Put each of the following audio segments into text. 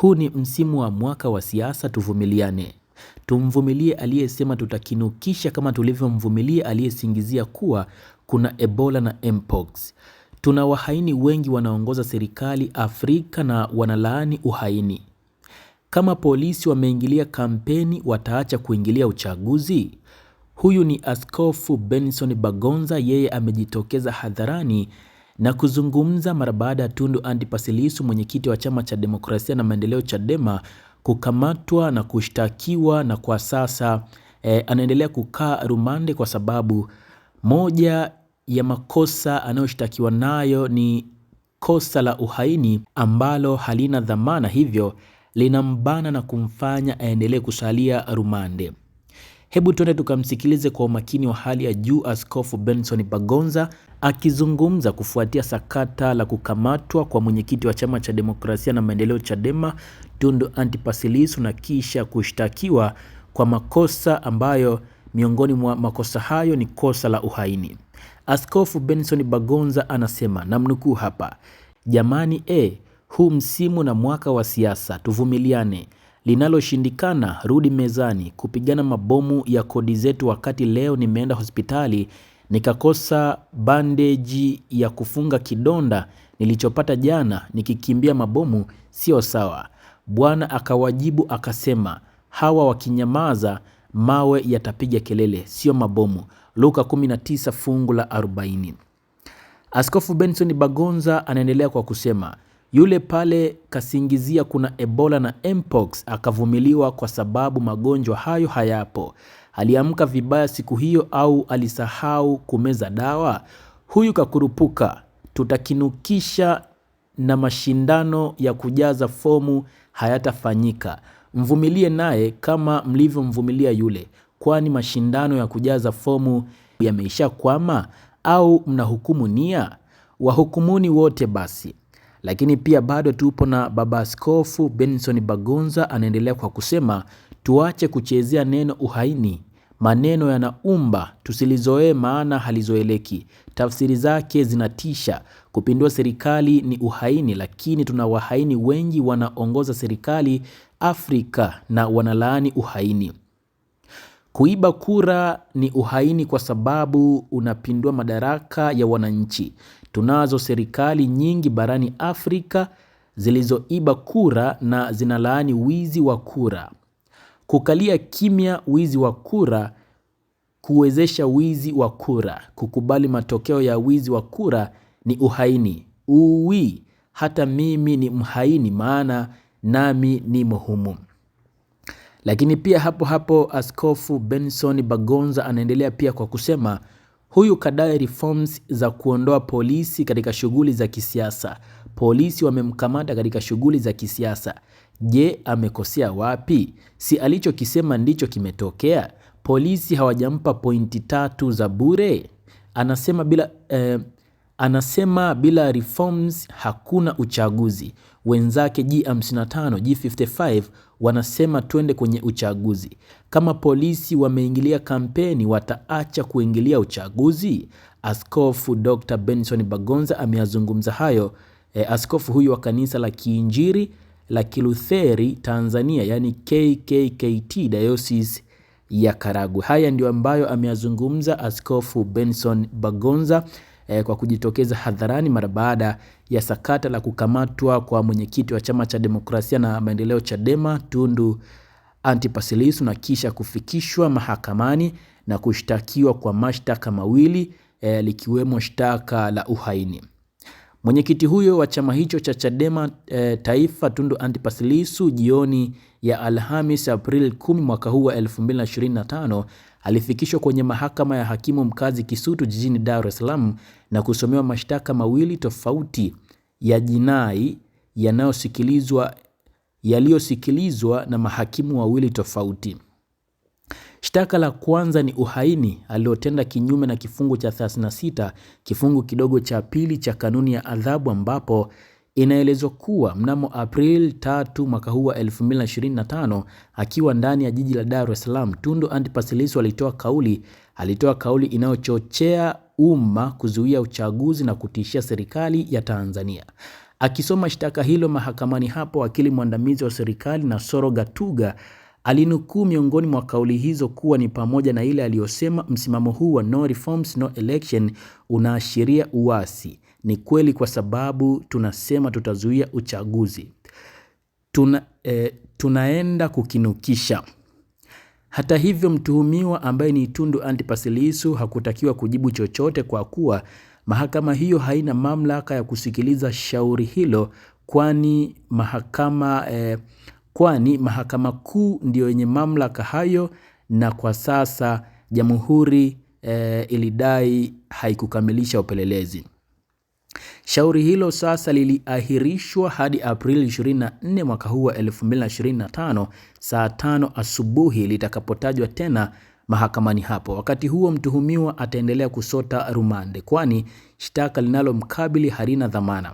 Huu ni msimu wa mwaka wa siasa, tuvumiliane. Tumvumilie aliyesema tutakinukisha kama tulivyomvumilia aliyesingizia kuwa kuna Ebola na Mpox. Tuna wahaini wengi wanaongoza serikali Afrika na wanalaani uhaini. Kama polisi wameingilia kampeni, wataacha kuingilia uchaguzi? Huyu ni Askofu Benson Bagonza, yeye amejitokeza hadharani na kuzungumza mara baada ya Tundu Antipas Lissu, mwenyekiti wa chama cha demokrasia na maendeleo Chadema, kukamatwa na kushtakiwa na kwa sasa e, anaendelea kukaa rumande kwa sababu moja ya makosa anayoshtakiwa nayo ni kosa la uhaini ambalo halina dhamana, hivyo linambana na kumfanya aendelee kusalia rumande. Hebu tuende tukamsikilize kwa umakini wa hali ya juu Askofu Benson Bagonza akizungumza kufuatia sakata la kukamatwa kwa mwenyekiti wa chama cha demokrasia na maendeleo Chadema Tundu Antipas Lissu na kisha kushtakiwa kwa makosa ambayo miongoni mwa makosa hayo ni kosa la uhaini. Askofu Benson Bagonza anasema, namnukuu hapa: jamani, e, huu msimu na mwaka wa siasa tuvumiliane Linaloshindikana rudi mezani kupigana mabomu ya kodi zetu wakati leo nimeenda hospitali nikakosa bandeji ya kufunga kidonda nilichopata jana nikikimbia mabomu sio sawa. Bwana akawajibu akasema hawa wakinyamaza mawe yatapiga kelele sio mabomu. Luka 19 fungu la 40. Askofu Benson Bagonza anaendelea kwa kusema yule pale kasingizia kuna Ebola na Mpox akavumiliwa kwa sababu magonjwa hayo hayapo. Aliamka vibaya siku hiyo au alisahau kumeza dawa? Huyu kakurupuka tutakinukisha na mashindano ya kujaza fomu hayatafanyika. Mvumilie naye kama mlivyomvumilia yule, kwani mashindano ya kujaza fomu yameisha kwama? Au mnahukumu nia? Wahukumuni wote basi. Lakini pia bado tupo na baba askofu Benson Bagonza anaendelea kwa kusema tuache kuchezea neno uhaini, maneno yanaumba, tusilizoee maana halizoeleki. Tafsiri zake zinatisha. Kupindua serikali ni uhaini, lakini tuna wahaini wengi wanaongoza serikali Afrika na wanalaani uhaini. Kuiba kura ni uhaini kwa sababu unapindua madaraka ya wananchi. Tunazo serikali nyingi barani Afrika zilizoiba kura na zinalaani wizi wa kura. Kukalia kimya wizi wa kura, kuwezesha wizi wa kura, kukubali matokeo ya wizi wa kura ni uhaini. Uwi, hata mimi ni mhaini maana nami ni muhumu Lakini pia hapo hapo Askofu Benson Bagonza anaendelea pia kwa kusema Huyu kadai reforms za kuondoa polisi katika shughuli za kisiasa. Polisi wamemkamata katika shughuli za kisiasa. Je, amekosea wapi? Si alichokisema ndicho kimetokea? Polisi hawajampa pointi tatu za bure, anasema bila eh, Anasema bila reforms hakuna uchaguzi. Wenzake G55, G55 wanasema twende kwenye uchaguzi. Kama polisi wameingilia kampeni, wataacha kuingilia uchaguzi? Askofu Dr. Benson Bagonza ameyazungumza hayo e, askofu huyu wa kanisa la Kiinjili la Kilutheri Tanzania, yani KKKT Diocese ya Karagwe. Haya ndiyo ambayo ameyazungumza Askofu Benson Bagonza Eh, kwa kujitokeza hadharani mara baada ya sakata la kukamatwa kwa mwenyekiti wa chama cha demokrasia na maendeleo Chadema Tundu Antipas Lissu na kisha kufikishwa mahakamani na kushtakiwa kwa mashtaka mawili eh, likiwemo shtaka la uhaini. Mwenyekiti huyo wa chama hicho cha Chadema e, Taifa Tundu Antipas Lissu jioni ya Alhamis april 10 mwaka huu wa 2025 alifikishwa kwenye mahakama ya hakimu mkazi Kisutu jijini Dar es Salaam na kusomewa mashtaka mawili tofauti ya jinai yanayosikilizwa yaliyosikilizwa na mahakimu wawili tofauti. Shtaka la kwanza ni uhaini aliotenda kinyume na kifungu cha 36 kifungu kidogo cha pili cha kanuni ya adhabu ambapo inaelezwa kuwa mnamo April 3 mwaka huu wa 2025 akiwa ndani ya jiji la Dar es Salaam, Tundu Antipas Lissu alitoa kauli alitoa kauli inayochochea umma kuzuia uchaguzi na kutishia serikali ya Tanzania. Akisoma shtaka hilo mahakamani hapo, wakili mwandamizi wa serikali na Soro Gatuga Alinukuu miongoni mwa kauli hizo kuwa ni pamoja na ile aliyosema, msimamo huu wa no reforms no election unaashiria uasi. Ni kweli kwa sababu tunasema tutazuia uchaguzi. Tuna, eh, tunaenda kukinukisha. Hata hivyo, mtuhumiwa ambaye ni Tundu Antipas Lissu hakutakiwa kujibu chochote kwa kuwa mahakama hiyo haina mamlaka ya kusikiliza shauri hilo kwani mahakama eh, kwani mahakama kuu ndiyo yenye mamlaka hayo, na kwa sasa jamhuri e, ilidai haikukamilisha upelelezi. Shauri hilo sasa liliahirishwa hadi Aprili 24 mwaka huu wa 2025 saa tano asubuhi litakapotajwa tena mahakamani hapo. Wakati huo mtuhumiwa ataendelea kusota rumande, kwani shtaka linalomkabili halina dhamana.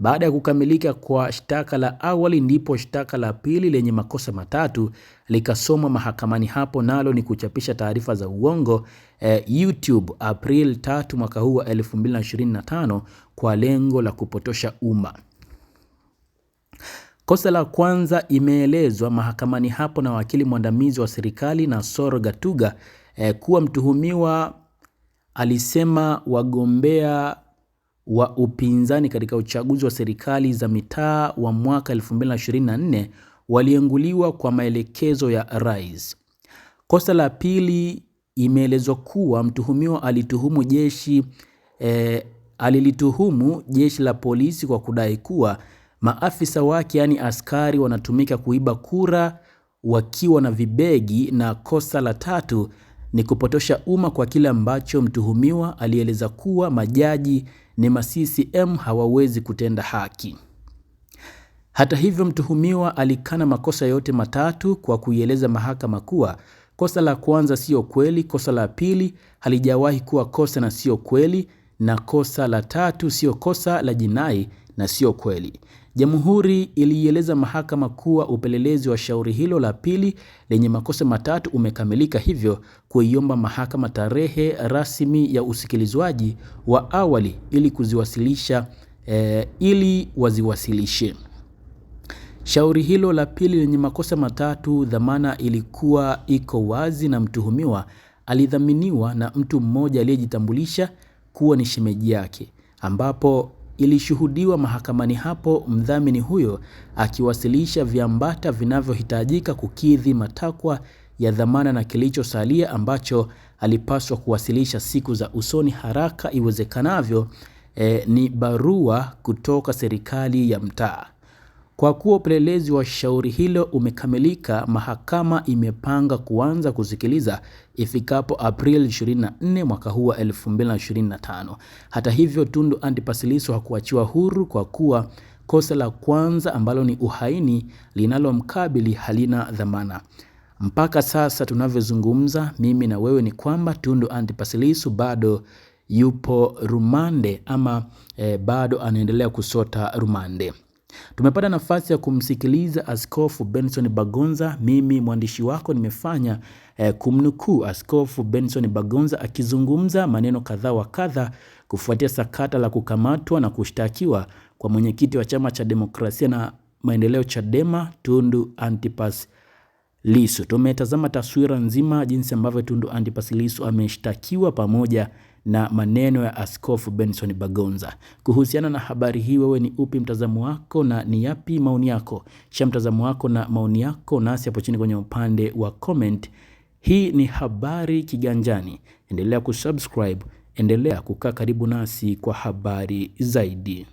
Baada ya kukamilika kwa shtaka la awali, ndipo shtaka la pili lenye makosa matatu likasomwa mahakamani hapo, nalo ni kuchapisha taarifa za uongo eh, YouTube April 3 mwaka huu wa 2025 kwa lengo la kupotosha umma. Kosa la kwanza imeelezwa mahakamani hapo na wakili mwandamizi wa serikali na soro Gatuga eh, kuwa mtuhumiwa alisema wagombea wa upinzani katika uchaguzi wa serikali za mitaa wa mwaka 2024 walienguliwa kwa maelekezo ya rais. Kosa la pili, imeelezwa kuwa mtuhumiwa alituhumu jeshi eh, alilituhumu jeshi la polisi kwa kudai kuwa maafisa wake yaani askari wanatumika kuiba kura wakiwa na vibegi. Na kosa la tatu ni kupotosha umma kwa kile ambacho mtuhumiwa alieleza kuwa majaji ni ma-CCM hawawezi kutenda haki. Hata hivyo, mtuhumiwa alikana makosa yote matatu kwa kuieleza mahakama kuwa kosa la kwanza siyo kweli, kosa la pili halijawahi kuwa kosa na siyo kweli, na kosa la tatu siyo kosa la jinai na siyo kweli. Jamhuri iliieleza mahakama kuwa upelelezi wa shauri hilo la pili lenye makosa matatu umekamilika, hivyo kuiomba mahakama tarehe rasmi ya usikilizwaji wa awali ili kuziwasilisha eh, ili waziwasilishe shauri hilo la pili lenye makosa matatu. Dhamana ilikuwa iko wazi na mtuhumiwa alidhaminiwa na mtu mmoja aliyejitambulisha kuwa ni shemeji yake ambapo ilishuhudiwa mahakamani hapo, mdhamini huyo akiwasilisha viambata vinavyohitajika kukidhi matakwa ya dhamana na kilichosalia ambacho alipaswa kuwasilisha siku za usoni haraka iwezekanavyo, eh, ni barua kutoka serikali ya mtaa. Kwa kuwa upelelezi wa shauri hilo umekamilika, mahakama imepanga kuanza kusikiliza ifikapo Aprili 24 mwaka huu wa 2025. Hata hivyo, Tundu Antipas Lissu hakuachiwa huru kwa kuwa kosa la kwanza ambalo ni uhaini linalomkabili halina dhamana. Mpaka sasa tunavyozungumza mimi na wewe ni kwamba Tundu Antipas Lissu bado yupo rumande ama e, bado anaendelea kusota rumande. Tumepata nafasi ya kumsikiliza Askofu Benson Bagonza. Mimi mwandishi wako nimefanya eh, kumnukuu Askofu Benson Bagonza akizungumza maneno kadha wa kadha kufuatia sakata la kukamatwa na kushtakiwa kwa mwenyekiti wa chama cha demokrasia na maendeleo Chadema Tundu Antipas Lissu. Tumetazama taswira nzima jinsi ambavyo Tundu Antipas Lissu ameshtakiwa pamoja na maneno ya Askofu Benson Bagonza. Kuhusiana na habari hii, wewe ni upi mtazamo wako na ni yapi maoni yako? cha mtazamo wako na maoni yako nasi hapo chini kwenye upande wa comment. Hii ni Habari Kiganjani, endelea kusubscribe, endelea kukaa karibu nasi kwa habari zaidi.